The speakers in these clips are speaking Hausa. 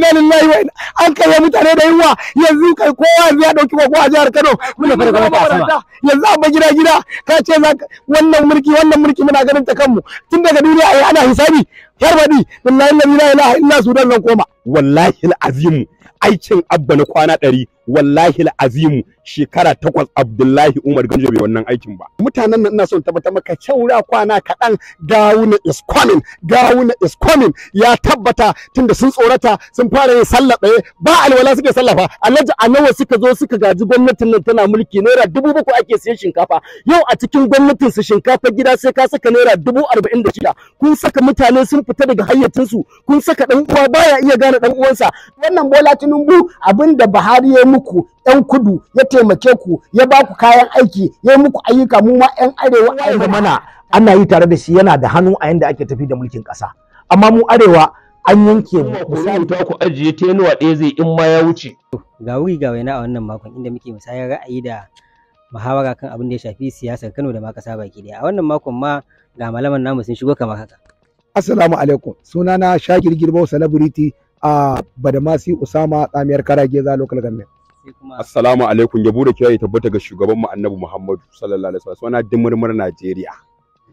inna lillahi wa inna an kai mutane da yawa yanzu kai kowa yanzu ya dauki kokowa jihar Kano muna fara gaba ta sama yanzu a gida gida ka ce za wannan mulki wannan mulki muna ganin ta kanmu tun daga duniya ai ana hisabi har baɗi billahi la ilaha illa sudan zan koma wallahi alazim aikin abba na kwana ɗari wallahi azimu shekara takwas Abdullahi Umar Ganjo bai wannan aikin ba mutanen nan ina son tabbata maka caura kwana kaɗan gawuna is coming gawuna is coming ya tabbata tunda sun tsorata sun fara yin sallah ɗaya ba alwala suke sallah fa alhaji anawa suka zo suka gaji gwamnatin nan tana mulki naira dubu bakwai ake siyan shinkafa yau a cikin gwamnatin su shinkafa gida sai ka saka naira dubu arba'in da shida kun saka mutane sun fita daga hayyacinsu kun saka ɗan uwa baya iya gane ɗan uwansa wannan Bola Tinubu abinda Buhari ya muku yan kudu ya taimake ku ya ba ku kayan aiki ya muku ayyuka mu ma yan arewa a mana ana yi tare da shi yana da hannu a yanda ake tafi da mulkin ƙasa amma mu arewa an yanke mu misali ta ku ajiye tenuwa ɗaya zai in ma ya wuce ga wuri ga waina a wannan makon inda muke musayar ra'ayi da muhawara kan abin da ya shafi siyasar Kano da ma ƙasa baki daya a wannan makon ma ga malaman namu sun shigo kamar haka Assalamu alaikum sunana Shakir Girbo celebrity a Badamasi Usama Tsamiyar za local government assalamu alaikum yabo da kiyaye tabbata ga shugaban mu annabi muhammadu sallallahu alaihi wasallam suna dimurmur najeriya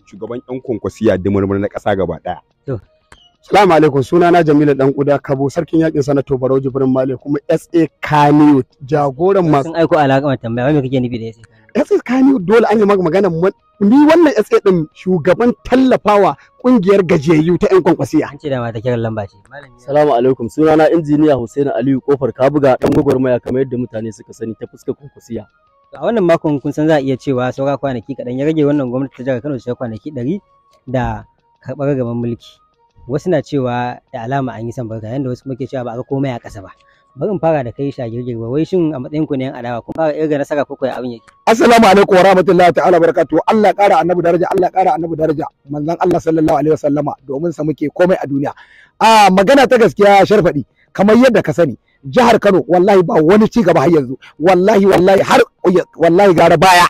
shugaban yan konkwasiya dimurmur na ƙasa gaba to assalamu alaikum suna na jamilu dan kuda kabo sarkin yakin sanato barau jibrin mali kuma sa kaniyo jagoran masu sun aiko alaƙa tambaya wai me kake nufi da sa SA kani dole an yi magana ni wannan SA din shugaban tallafawa kungiyar gajeyu ta yan kwankwasiya. An ce da mata kiran lamba ce. Salamu alaikum sunana injiniya Hussein Aliyu Kofar Kabuga dan gwagwarmaya kamar yadda mutane suka sani ta fuskar kwankwasiya. A wannan makon kun san za a iya cewa saura kwanaki kaɗan ya rage wannan gwamnati ta jihar Kano sai kwanaki ɗari da karɓar gaban mulki. Wasu na cewa da alama an yi san barka yadda wasu muke cewa ba a ga komai a ƙasa ba. bari fara da kai shagir ba wai shin a matsayin ku ne yan adawa kun fara irga nasara ko kai abin yake assalamu alaikum wa rahmatullahi ta'ala barakatuhu Allah ƙara annabi daraja Allah ƙara annabi daraja manzon Allah sallallahu alaihi wasallama domin sa muke komai a duniya a magana ta gaskiya sharfadi kamar yadda ka sani jihar Kano wallahi ba wani ci gaba har yanzu wallahi wallahi har wallahi gara baya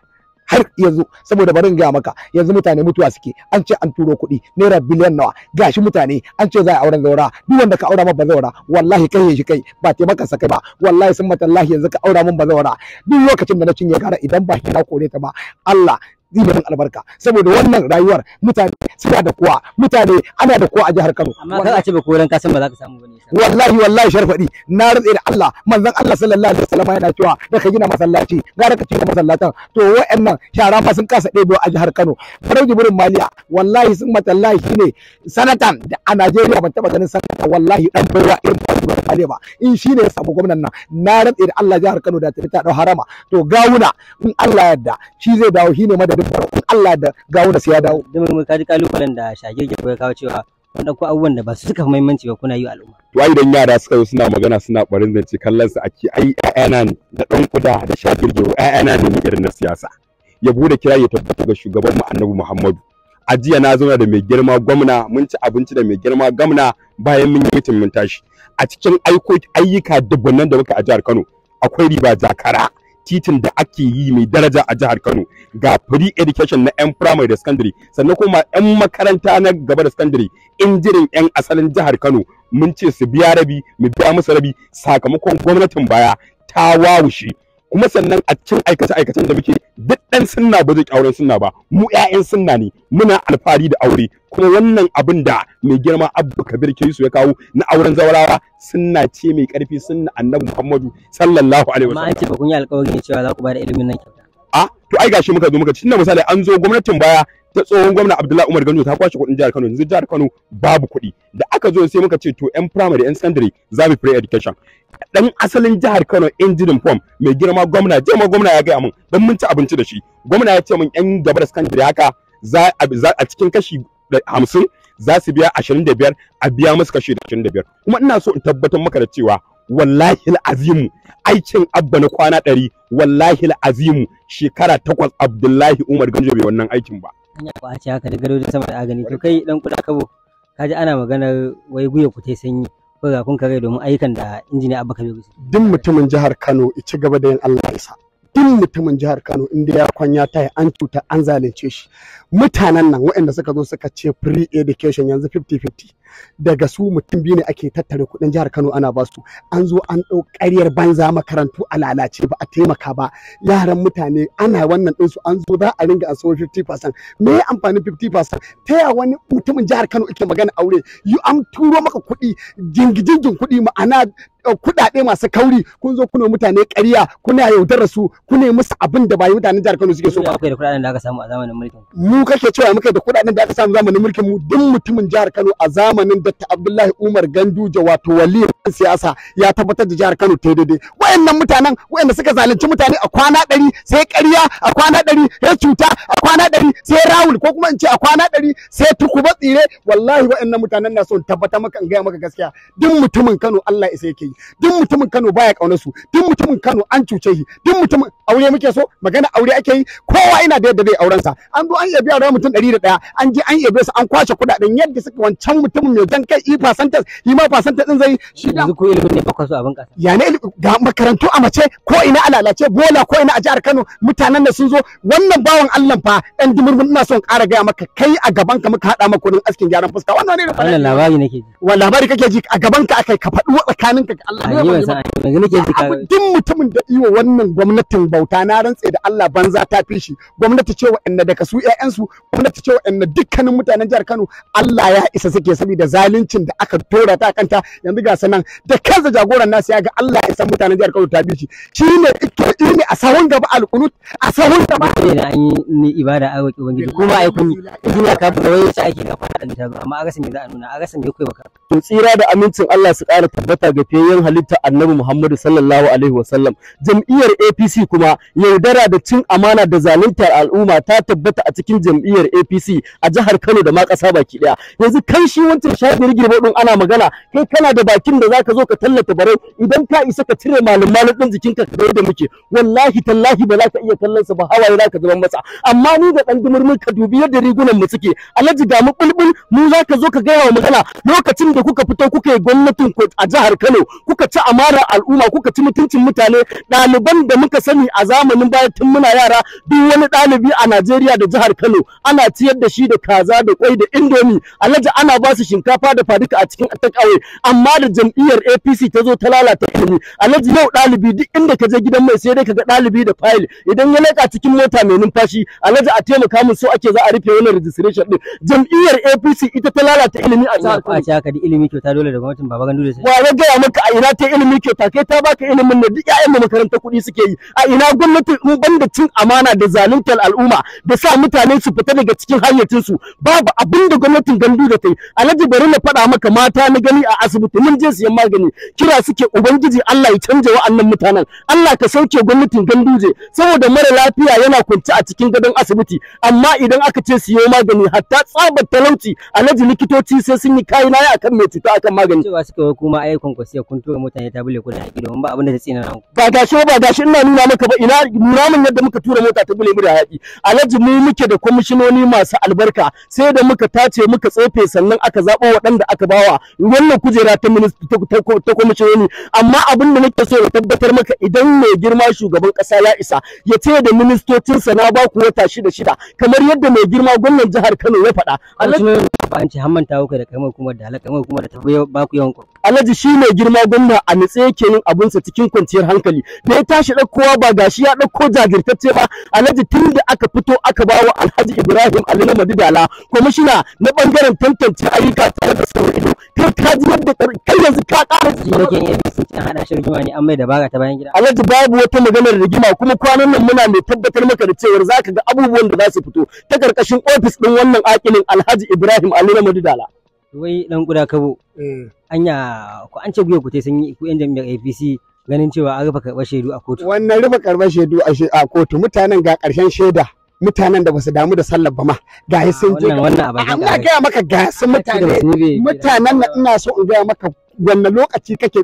har yanzu saboda barin gaya maka yanzu mutane mutuwa suke an ce an turo kuɗi naira biliyan nawa gashi mutane an ce za a auren zaura duk wanda ka aura ma zaura? wallahi kai shi kai ba te maka sakai ba wallahi sun Allah yanzu ka aura min zaura. duk lokacin da na cinye gara idan ba ki na kore ta ba Allah zai albarka saboda wannan rayuwar mutane suna da kuwa mutane ana da kuwa a jihar Kano amma kada a ce ba koran kasan ba za ka samu bane wallahi wallahi sharfadi na rutse da Allah manzon Allah sallallahu alaihi wasallam yana cewa da ka gina masallaci gara ka cika masallatan to wa'annan shara fa sun kasa ɗebo a jihar Kano Farauji Burin Maliya wallahi sun matallahi shine sanatan da a Najeriya ban taba ganin sanata wallahi dan bayya irin ba Burin Maliya ba in shine ya samu gwamnan nan na rutse da Allah jihar Kano da ta ta dau harama to gawuna in Allah yarda shi zai dawo shine madadin Farauji Allah da gawuna sai ya dawo da mun kaji kalu kalubalen da shagirge ya kawo cewa kun ɗauko abubuwan da ba su suka muhimmanci ba kuna yi al'umma. Wa idan yara suka zo suna magana suna ɓarin zance kallon su ake ai ƴaƴana da ɗan kuda da shagirge ƴaƴana ne ni irin na siyasa. Ya bude kira ya tabbata ga shugaban mu Annabi Muhammadu. A jiya na zauna da mai girma gwamna mun ci abinci da mai girma gwamna bayan mun yi mutum mun tashi. A cikin ayyuka nan da muka a jihar Kano akwai riba jakara. titin da ake yi mai daraja a jihar Kano ga free education na 'yan primary da secondary sannan kuma 'yan makaranta na gaba da secondary injirin 'yan asalin jihar Kano mun ce su biya rabi mu biya musu rabi sakamakon gwamnatin baya ta wawushe kuma sannan a cikin aikace aikacen da muke duk ɗan sunna ba zai auren sunna ba mu ƴaƴan sunna ne muna alfahari da aure kuma wannan abin da mai girma Abdul Kabir Kirisu ya kawo na auren zawarawa sunna ce mai ƙarfi sunna Annabi Muhammadu sallallahu alaihi wasallam amma an ce ba kun yi alƙawarin cewa za ku ba ilimin nan kyauta a to ai gashi muka zo muka ci. tunda misali an zo gwamnatin baya ta tsohon gwamna Abdullahi Umar Ganjo ta kwashe kuɗin jihar Kano yanzu jihar Kano babu kuɗi da aka zo sai muka ce to yan primary yan secondary za mu free education dan asalin jihar Kano injinin form mai girma gwamna jema gwamna ya gaya mun dan mun ci abinci da shi gwamna ya ce mun yan gaba da secondary haka za a cikin kashi hamsin za su biya ashirin da biyar a biya musu kashi ashirin da biyar kuma ina so in tabbatar maka da cewa wallahi azimu aikin abba na kwana ɗari wallahi azimu shekara takwas abdullahi umar ganjo bai wannan aikin ba hanya ce haka da gadojin sama da agani to kai dan kuɗa kabo kaji ana maganar wai guya ku tai sanyi ko ga kun kare domin ayyukan da injini Abba bai duk mutumin jihar Kano i ci gaba da yin Allah isa duk mutumin jihar Kano inda ya kwanya ta an cuta an zalunce shi mutanen nan waɗanda suka zo suka ce free education yanzu 50-50 daga su mutum biyu ne ake tattare kuɗin jihar Kano ana ba su an zo an ɗau ƙaryar banza makarantu a lalace ba a taimaka ba yaran mutane ana wannan ɗin su an zo za a ringa a so 50% me ya amfanin 50% ta ya wani mutumin jihar Kano yake magana aure yu an turo maka kuɗi jingijingin kuɗi ma'ana eh, kuɗaɗe masu kauri kun zo kuna mutane ƙarya kuna yaudar su kuna musu abin da ba mutanen jihar Kano suke so ba kai da kuɗaɗen da aka samu a zamanin mulkin mu kake cewa muke da kuɗaɗen da aka samu zamanin mulkin mu duk mutumin jihar Kano a zamanin zamanin Dr. Abdullahi Umar Ganduje wato wali siyasa ya tabbatar da jihar Kano ta daidai wayannan mutanen wayanda suka zalunci mutane a kwana ɗari sai ƙarya a kwana ɗari sai cuta a kwana ɗari sai rawul ko kuma in ce a kwana ɗari sai tukuba tsire wallahi wayannan mutanen na son tabbata maka in gaya maka gaskiya duk mutumin Kano Allah isa yake yi duk mutumin Kano baya kaunar su duk mutumin Kano an cuce shi duk mutumin aure muke so magana aure ake yi kowa ina da yadda zai aurensa an zo an yabi aure mutum ɗari da ɗaya an je an yabe su an kwashe kuɗaɗen yadda suka wancan mutum mutum mai dan kai i fasantas yi ma fasantas din zai shi yanzu ko ilimin ne su abin kasa ya ne ga makarantu a mace ko ina a lalace bola ko ina a jihar Kano mutanen da sun zo wannan bawan Allah fa dan dimurmin ina son ƙara gaya maka kai a gaban ka muka hada maka kudin askin gyaran fuska wannan ne wannan labari nake ji wannan labari kake ji a gaban ka akai ka faɗi tsakanin ka Allah ne ba yanzu nake ji duk mutumin da iwo wannan gwamnatin bauta na rantsa da Allah banza ta fi shi gwamnati ce wa wa'anda daga su ƴaƴansu gwamnati ce wa wa'anda dukkanin mutanen jihar Kano Allah ya isa suke sabi da zaluncin da aka tora ta kanta yanzu ga sanan da kansa jagoran nasu ya ga Allah ya san mutanen jihar Kano ta bi shi shine ito ne a sahun gaba al-qunut a sahun gaba ne an yi ni ibada a roki ubangiji kuma ai kun duniya ka fara wani sai ake gafa da ta amma a rasa me za a nuna a rasa me kai baka to tsira da amincin Allah su ƙara tabbata ga fiyayyen halitta Annabi Muhammadu sallallahu alaihi wasallam jam'iyyar APC kuma yaudara da cin amana da zaluntar al'umma ta tabbata a cikin jam'iyyar APC a jihar Kano da ma ƙasa baki daya yanzu kan shi wancan ce shafiyar girbe din ana magana kai kana da bakin da zaka zo ka tallata barau idan ka isa ka cire malum malum din jikinka ka da muke wallahi tallahi ba za ka iya kallon sa ba hawaye za ka zama masa amma ni da dan dumurmur ka dubi yadda rigunan mu suke alaji ga mu bulbul mu za ka zo ka gaya wa magana lokacin da kuka fito kuka yi gwamnatin a jihar Kano kuka ci amarar al'umma kuka ci mutuncin mutane ɗaliban da muka sani a zamanin baya tun muna yara duk wani ɗalibi a Najeriya da jihar Kano ana ciyar da shi da kaza da kwai da indomi alaji ana ba su shi shinkafa da faduka a cikin ta ƙauye amma da jam'iyyar APC ta zo ta lalata ilimi alhaji yau dalibi duk inda ka je gidan mai sai dai ka ga ɗalibi da fayil idan ya leka cikin mota mai numfashi alhaji a taimaka min so ake za a rufe wannan registration din jam'iyyar APC ita ta lalata ilimi a jihar Kano. ka haka ilimi kyauta dole da gwamnatin Baba Gandu da sai. Wa gaya maka a ina ta ilimi kyauta kai ta baka ilimin da duk ƴaƴan mu makarantar kuɗi suke yi a ina gwamnati in banda cin amana da zaluntar al'umma da sa mutane su fita daga cikin su babu abin da gwamnatin Gandu da ta yi alhaji bari na faɗa maka mata na gani a asibiti mun je siyan magani kira suke ubangiji Allah ya canja wa'annan mutanen Allah ka sauke gwamnatin ganduje saboda mara lafiya yana kwanci a cikin gadon asibiti amma idan aka ce siyo magani hatta tsabar talauci alhaji likitoci sai sun yi kayi na akan mai cuta akan magani cewa suka yi kuma ayyukan ku sai kun tura mutane ta bule ku da haƙi domin ba abin da ta tsina ranku ba gashi ba gashi ina nuna maka ba ina muramin yadda muka tura mota ta bule mu da haƙi alhaji mu muke da kwamishinoni masu albarka sai da muka tace muka tsofe sannan aka za zaɓo waɗanda aka bawa wannan kujera ta ta kwamishinoni amma abin da nake so na tabbatar maka idan mai girma shugaban ƙasa ya isa ya ce da ministocinsa na ba ku wata shida shida kamar yadda mai girma gwamnan jihar Kano ya faɗa. Alhaji Hamman ta da kamar kuma da kamar kuma da ta ba ku yawan Alhaji shi mai girma gwamna a nitse yake yin sa cikin kwanciyar hankali da ya tashi ɗaukowa ba gashi ya ɗauko jajirtacce ba Alhaji tun da aka fito aka bawa Alhaji Ibrahim Ali madu dala kwamishina na ɓangaren tantance ayyuka ba tare da sau ido kai ka ji yadda kai yanzu ka ƙara su nake iya bisu kin hada shi rigima ne an mai dabara ta bayan gida alhaji babu wata maganar rigima kuma kwanan nan muna mai tabbatar maka da cewar zaka ga abubuwan da za su fito ta karkashin ofis din wannan akilin alhaji ibrahim ali na madudala wai dan guda kabo eh. anya ku an ce guye ku sun yi ku yan jami'ar APC ganin cewa an rufe karɓar shaidu a kotu wannan rufe karɓar shaidu a kotu mutanen ga ƙarshen shaida mutanen da basu damu da sallar ba ma ga sun je ina gaya maka ga sun mutane mutanen na ina so in gaya maka wannan lokaci kake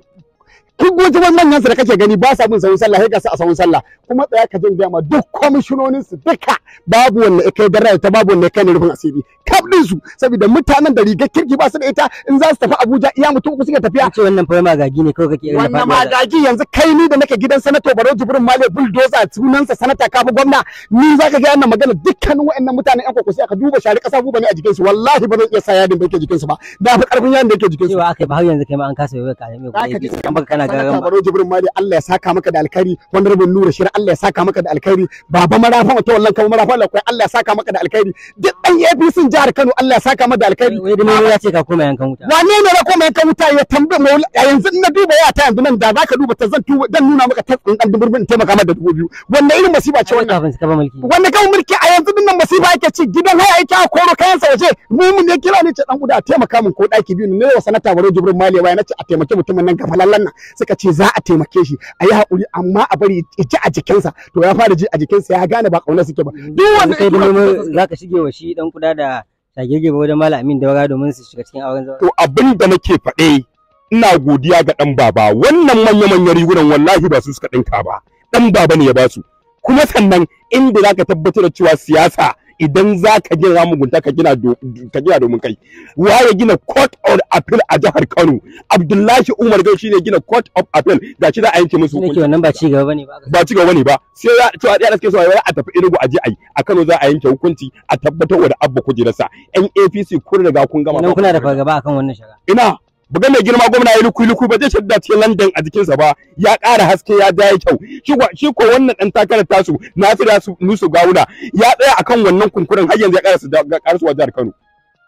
kun wani manyan su da kake gani ba sa bin sahun sallah sai ka sa a sahun sallah kuma tsaya ka jin ma duk kwamishinonin su duka babu wanda ya kai da ta babu wanda ya kai ne rufin asiri kaf din su saboda mutanen da rigar kirki ba su da ita in za su tafi Abuja iya mutum uku suka tafiya ce wannan fa magagi ne kawai kake wannan magagi yanzu kai ni da nake gidan sanato baro Jibrin Male buldoza sunan sa sanata kafi gwamna ni za ka ga wannan magana dukkanin wa'annan mutanen yan kokosi aka duba shari kasa buba ne a jikin su wallahi ba zan iya sa yadin da yake jikin su ba da fa karfin yadin da yake jikin su ba akai ba har yanzu kai ma an kasa yau ka yi ka ne kana ana ga gama baro jibrin mali Allah ya saka maka da alkhairi honorable nura shira Allah ya saka maka da alkhairi baba marafa to wallan kuma marafa Allah Allah ya saka maka da alkhairi duk dan APC jihar Kano Allah ya saka maka da alkhairi wani ne ya ce ka koma yankan wuta wani ne na koma yankan wuta ya tambaye mu yanzu na duba ya ta yanzu nan da zaka duba ta zantu dan nuna maka ta tsinkan duburbin ta maka da dubu biyu wannan irin masifa ce wannan kafin wannan kan mulki a yanzu dinnan masifa yake ci gidan haya yake a koro kayan sa waje mu mun ne kira ne ce dan guda taimaka min ko daki biyu ne wa sanata baro jibrin mali wai na ce a taimake mutumin nan ga gafalallan nan suka ce za a taimake shi a yi haƙuri amma a bari ya ji a jikinsa to ya fara ji a jikinsa ya gane ba ƙaunar suke ba mm. duk wanda ya domin za ka shige wa shi dan kuda da shagirge ba wajen malam amin daura domin su shiga cikin auren zaure to abin da nake faɗe ina godiya ga dan baba wannan manya-manyan rigunan wallahi ba su suka dinka ba dan baba ne ya ba su kuma sannan inda za ka tabbatar da cewa siyasa idan za ka gina mugunta ka gina domin kai Wa ya gina court of appeal a jihar Kano Abdullahi Umar Gau shine gina court of appeal ga shi da a yanke musu hukunci wannan ba ci gaba ne ba ba ci gaba ne ba sai ya to da suke so a tafi Enugu a je ai a Kano za a yanke hukunci a tabbatar da abba kujerarsa yan APC kun riga kun gama kuna da fargaba akan wannan shiga ina buga mai girma gwamna ya luku luku ba zai shadda cikin London a jikinsa ba ya ƙara haske ya ja kyau shi ko shi wannan dan takarar tasu Nasiru da Nusu Gawuna ya tsaya akan wannan kunkurin har yanzu ya ƙara su ƙara su Kano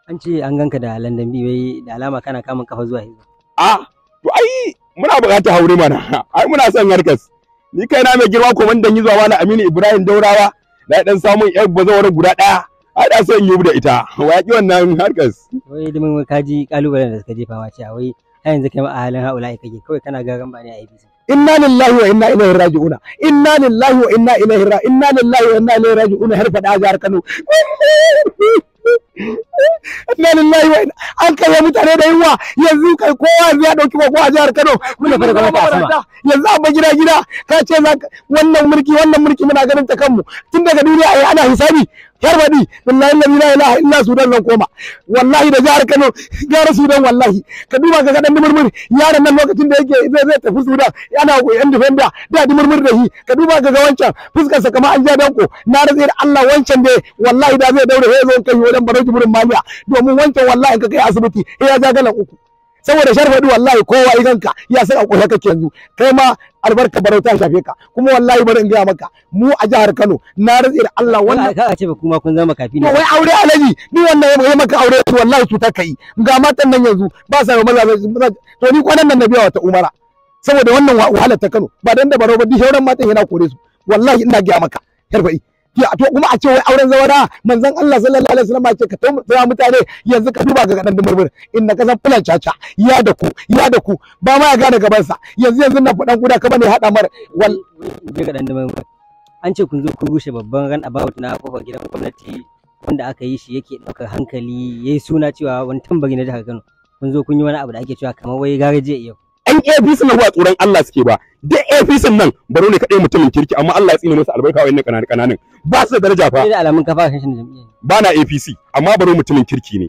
an ce an ganka da London biyu da alama kana kamun kafa zuwa a to ai muna buƙatar haure mana ai muna son harkas ni kai na mai girma ko wanda yi zuwa mana Aminu Ibrahim Daurawa na dan samun yar bazawar guda ɗaya ai da sai yubu da ita waki wannan harkas wai da mun kaji kalubalen da suka jefa ma cewa wai har yanzu kai ma a halin haula'i kake kawai kana garan ba ne a ABC inna lillahi wa inna ilaihi raji'un inna lillahi wa inna ilaihi raji'un inna lillahi wa inna ilaihi raji'un har fada ga har Kano inna lillahi wa an kai mutane da yawa yanzu kai kowa ya dauki kowa a jihar Kano muna fara gaba kasuwa yanzu an gida gida ka ce wannan mulki wannan mulki muna ganin ta kanmu tun daga duniya ai ana hisabi har baɗi billahi la ilaha illa sudan nan koma wallahi da jihar Kano gara sudan wallahi ka duba ka ga dan murmur yaron nan lokacin da yake zai zai tafi sudan yana yan defender da murmur da shi ka duba ka ga wancan fuskar sa kamar an ja danko na da Allah wancan da wallahi da zai daure sai zo kai wajen barauki burin ma jami'a domin wanke wallahi ka kai asibiti eh ya gagalan uku saboda sharfadi wallahi kowa idan ka ya san akwai kake yanzu kai ma albarka barauta ta shafe ka kuma wallahi bari in ga maka mu a jihar Kano na rantsi da Allah wannan ka ce ba kuma kun zama kafi ne wai aure alaji ni wannan ya maka aure wallahi su ta kai ga matan nan yanzu ba sa maza to ni kwanan nan na wata umara saboda wannan wahalar ta Kano ba dan da barau ba di shauran matan yana kore su wallahi ina ga maka sharfadi to kuma a ce wai auren zawara manzon Allah sallallahu alaihi wasallam ce ka tsaya mutane yanzu ka duba ga kadan dumurmur inna ka san fulan caca ya da ku ya da ku ba ma ya gane gaban sa yanzu yanzu na fadan guda ka bane hada mar wal je kadan an ce kun zo kun rushe babban ran about na kofar gidan gwamnati wanda aka yi shi yake ɗaukar hankali yayi suna cewa wani tambari na jihar Kano kun zo kun yi wani abu da ake cewa kamar wai garaje yau an APC nan ba tsoron Allah suke ba duk APC nan baro ne kadai mutumin kirki amma Allah ya tsine masa albarka wayannan kananan kananan ba su da daraja fa ina alamun kafa kashin jami'a ba na APC amma baro mutumin kirki ne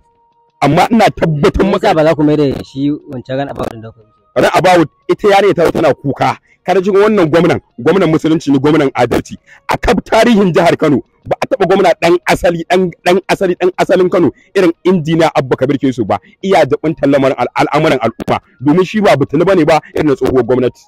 amma ina tabbatar maka ba za ku mai da shi wancan gan about da ku ran about ita yare ta tana kuka kada jin wannan gwamnan gwamnan musulunci ne gwamnan adalci a kaf tarihin jihar Kano ba a taɓa gwamna ɗan asali ɗan asali ɗan asalin Kano irin injiniya Abba Kabir su ba iya jabin tallamar al'amuran al'umma domin shi ba butulu bane ba irin tsohuwar gwamnati.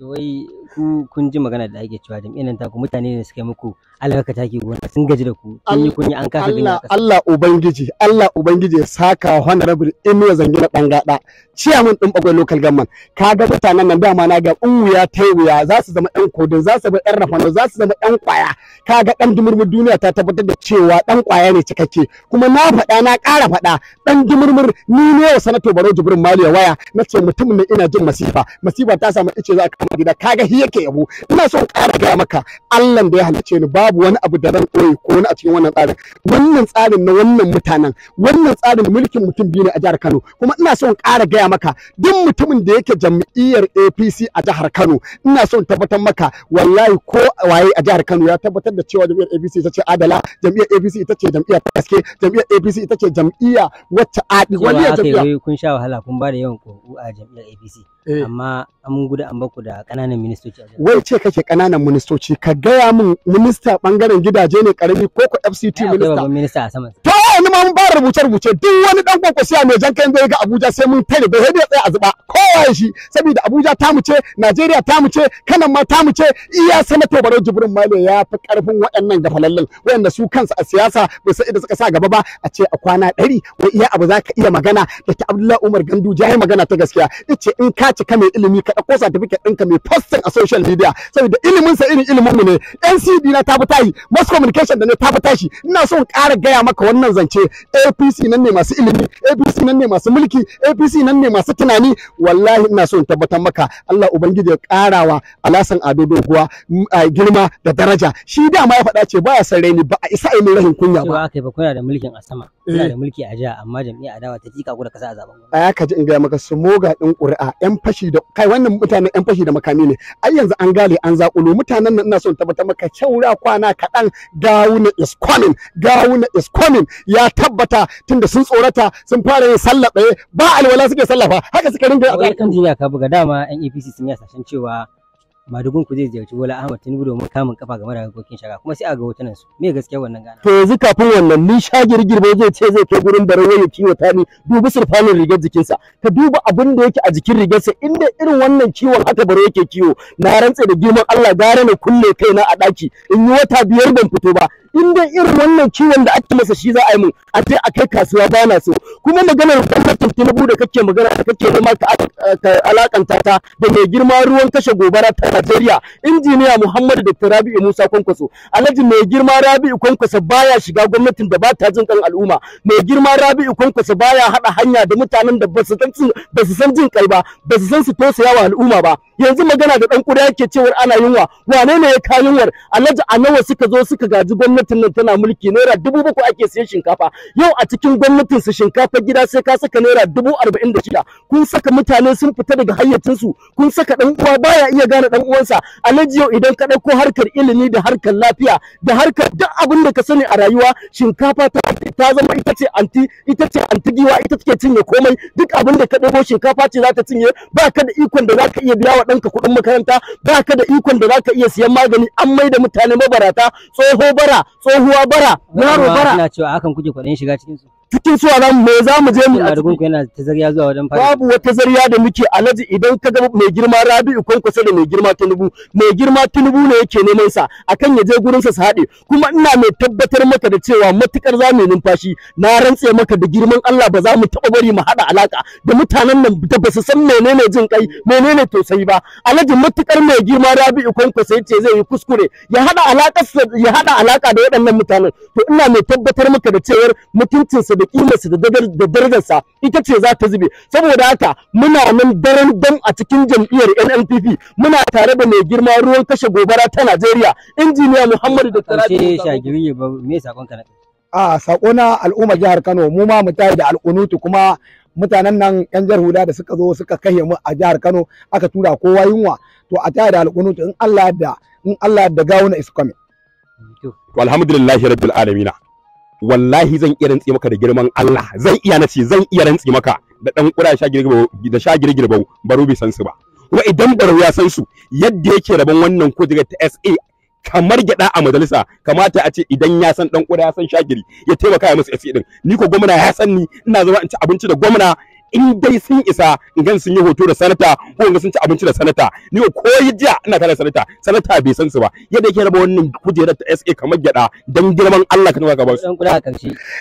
Wai ku kun ji magana da ake cewa jam'iyyar ta ku mutane ne suka yi muku albarka take gona sun gaji da ku kun yi kun yi an kasa bin Allah Allah ubangiji Allah ubangiji ya saka honorable ya Zangina Bangada chairman din bagwai local government kaga mutanen nan dama na ga in wuya ta wuya za su zama ɗan kodin za su zama ɗan rafano za su zama dan kwaya kaga dan dumurmur duniya ta tabbatar da cewa ɗan kwaya ne cikakke kuma na faɗa na ƙara faɗa dan dumurmur ni ne wa sanato baro Jibrin Maliya waya nace mutumin ne ina jin masifa masifa ta samu ice za ka kama gida kaga hi yake yabo ina son ƙara gaya maka Allah da ya halice ni babu wani abu da ran koyi ko wani a cikin wannan tsarin wannan tsarin na wannan mutanen wannan tsarin mulkin mutum biyu ne a jihar Kano kuma ina son ƙara gaya maka duk mutumin da yake jam'iyyar APC a jihar Kano ina son tabbatar maka wallahi ko waye a jihar Kano ya tabbatar da cewa jam'iyyar APC ita ce adala jam'iyyar APC ita ce jam'iyyar gaske jam'iyyar APC ita ce jam'iyya wacce adi wani ya jam'iyya kun sha wahala kun ba da yawan ƙuri'u a jam'iyyar APC eh. amma an gudu an baku da kananan ministoci wai ce kake kananan ministoci ka gaya min minista bangaren gidaje ne karami ko ko FCT minista wani ma mun fara rubuce rubuce duk wani dan kwakwasiya mai jan kayan zai ga Abuja sai mun tare da hadiya tsaya a zuba kowa shi saboda Abuja ta mu ce Najeriya ta mu ce kanan ma ta mu ce iya sanato Barau Jibrin Male ya fi karfin waɗannan gafalallan waɗanda su kansu a siyasa bai sai da suka sa gaba ba a ce a kwana ɗari wai iya abu za ka iya magana da ta Abdullahi Umar Gandu jahi magana ta gaskiya ce in ka cika mai ilimi ka ɗauko certificate ɗinka mai posting a social media saboda ilimin sa irin ilimin mu ne NCD na ta fi tayi mass communication da ne ta fi tashi ina so in ƙara gaya maka wannan zan ce apc nan ne masu ilimi apc nan ne masu mulki apc nan ne masu tunani wallahi ina so in tabbatar maka allah ubangiji ya karawa alasan ado doguwa mm, girma da daraja shi dama ya faɗa ce baya san raini ba a isa a mai rahin kunya ba kai ba kuna da mulkin a sama kuna da eh. mulki a jiya amma jam'iyyar adawa ta tika ku da kasa a zaben a kaji in ga maka su moga din ƙuri'a yan fashi da kai wannan mutanen yan fashi da makami ne ai yanzu an gale an zaƙulo mutanen nan ina so in tabbatar maka kyaura kwana kaɗan gawuna is coming gawuna is coming ya ya tabbata tunda sun tsorata sun fara yin sallah ɗaya ba alwala suke sallafa haka suka rinka yi a kan jiya ka buga dama yan APC sun yi sashen cewa madugun ku zai ziyarci Bola Ahmad Tinubu domin kamun kafa game da gokin shaka kuma sai a ga hotunan su me gaskiya wannan gana to yanzu kafin wannan ni shagir girbe zai ce zai kai gurin barewa ya kiwo ni. dubi surfanin rigar jikinsa ka duba abin da yake a jikin rigarsa inda irin wannan kiwon haka bare yake kiwo na rantse da girman Allah gara na kulle kaina a daki in yi wata biyar ban fito ba in dai irin wannan ciwon da ake masa shi za a yi mun a ce a kai kasuwa ba na so kuma maganar gwamnatin tinubu da kake magana da kake nema ka alakanta ta da mai girma ruwan kashe gobara ta najeriya injiniya muhammadu da rabi'u musa kwankwaso alhaji mai girma rabi'u kwankwaso baya shiga gwamnatin da ba ta jin kan al'umma mai girma rabi'u kwankwaso baya hada hanya da mutanen da ba san jin kai ba ba su san su tosa yawa al'umma ba yanzu magana da ɗan kuriya yake cewar ana yunwa wane ne ya ka yunwar alhaji a nawa suka zo suka gaji gwamnatin nan tana mulki naira dubu bakwai ake siyan shinkafa yau a cikin gwamnatin su shinkafa gida sai ka saka naira dubu arba'in da shida kun saka mutane sun fita daga hayyacinsu kun saka ɗan uwa baya iya gane dan uwansa alhaji yau idan ka ɗauko harkar ilimi da harkar lafiya da harkar duk abin da ka sani a rayuwa shinkafa ta ta zama ita ce anti ita ce anti giwa ita take cinye komai duk abin da ka ɗauko shinkafa ce za ta cinye ba ka da ikon da za ka iya biya wa ɗanka kuɗin makaranta ba ka da ikon da za ka iya siyan magani an mai da mutane mabarata tsoho bara tsohuwa bara yaro bara ina cewa hakan kuke kwaɗayin shiga cikin su cikin su alam me za mu je mu a cikin yana ta zuwa wajen fara babu wata zariya da muke alaji idan ka ga mai girma Rabi'u kwankwaso da mai girma Tinubu mai girma Tinubu ne yake neman sa akan ya je gurin sa su kuma ina mai tabbatar maka da cewa matukar za mu numfashi na rantse maka da girman Allah ba za mu taɓa bari mu haɗa alaka da mutanen nan da ba su san menene jin kai menene tausayi ba alaji matukar mai girma Rabi'u kwankwaso yace zai yi kuskure ya haɗa alaka ya haɗa alaka da waɗannan mutanen to ina mai tabbatar maka da cewa mutuncinsa da kimarsa da darajarsa ita ce za ta zube saboda haka muna nan daren dan a cikin jam'iyyar NNPP muna tare da mai girma ruwan kashe gobara ta Najeriya injiniya Muhammadu da Tarabi shagiri ba me sakon ka a sakona al'umma jihar Kano mu ma mu tayi da al'unutu kuma mutanen nan yan jar huda da suka zo suka kahe mu a jihar Kano aka tura kowa yunwa to a tayi da al'unutu in Allah da in Allah da gawuna is coming to alhamdulillahi rabbil alamin wallahi zan iya rantsi maka da girman Allah zan iya na ce zan iya rantsi maka da dan kura sha girgirba da sha girgirba baro bi san su ba kuma idan baro ya san su yadda yake rabon wannan kujerar ta SA kamar gida a majalisa kamata a ce idan ya san dan kura ya san shagiri ya taimaka ya musu SA din ni ko gwamna ya san ni ina zama in ci abinci da gwamna in dai sun isa in gan sun yi hoto da sanata ko in sun ci abinci da sanata ni ko yi jiya ina tare sanata sanata bai san su ba yadda yake raba wannan kujerar ta SA kamar gyada dan girman Allah ka nuna ka ba su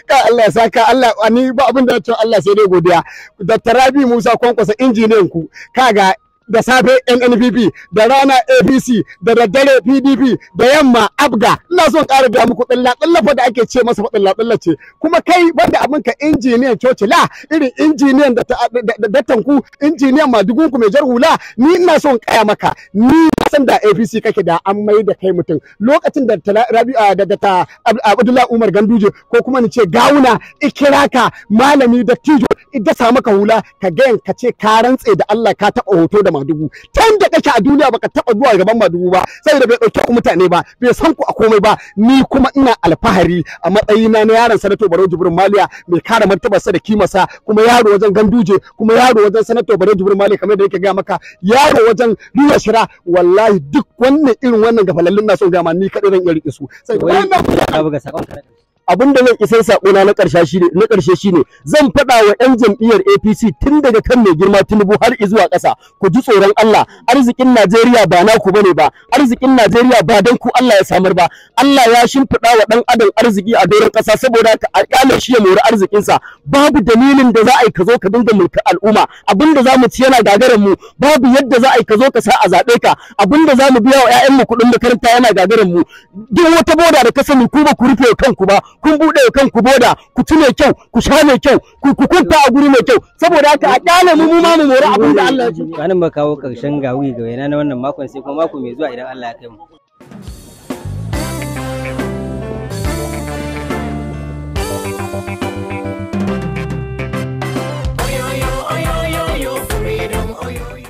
ka Allah ya saka Allah ni ba abin da ya ce Allah sai dai godiya Dr. Rabi Musa Kwankwasa injiniyan ku kaga da safe NNPP da rana APC da daddare PDP da yamma Abga ina son ƙara ga muku tsalla da ake ce masa tsalla tsalla ce kuma kai banda abin ka injiniyan la, irin injiniyan da ku injiniyan madugunku mai jar hula ni ina son kaya maka ni san da APC kake da an mai da kai mutum lokacin da Rabi'a ah, da ta Abdullahi Umar Ganduje ko kuma ni ce gawuna ikira ka malami da tijo samaka sa maka hula ka ga ka ce ka rantse da Allah ka taba hoto da madugu tan da kake a duniya baka taba zuwa gaban madugu ba sai da bai dauke ku mutane ba bai san ku a komai ba ni kuma ina alfahari a matsayina na yaron sanato Barau Jibrin Maliya mai kare sa da kimarsa kuma yaro wajen Ganduje kuma yaro wajen sanato Barau Jibrin Maliya kamar da yake ga maka yaro wajen Riya Shira wallahi wallahi duk wannan irin wannan gafalallin na son gama ni kaɗai zan iya riƙe su sai wannan abin da zan isa sako na karshe shine na shine zan faɗa wa 'yan jam'iyyar APC tun daga kan mai girma Tinubu har zuwa ƙasa ku ji tsoron Allah arzikin Najeriya ba naku bane ba arzikin Najeriya ba dan ku Allah ya samar ba Allah ya shimfiɗa wa ɗan adam arziki a doron ƙasa saboda ka alƙalar shi ya mori sa babu dalilin da za a yi ka zo ka dinga al'umma abin da za ci yana gagaran mu babu yadda za a yi ka zo ka sa a zaɓe ka abin da za mu biya wa mu kuɗin makaranta yana gagaran mu duk wata boda da ka sani ku ba ku rufe kanku ba kun bude ku boda ku ci mai kyau ku sha mai kyau ku kunta a guri mai kyau saboda haka a kyale mu mu ma mu mori abin da Allah ya ji kanin ba kawo karshen gawi ga waina na wannan makon sai kuma mako mai zuwa idan Allah ya kai mu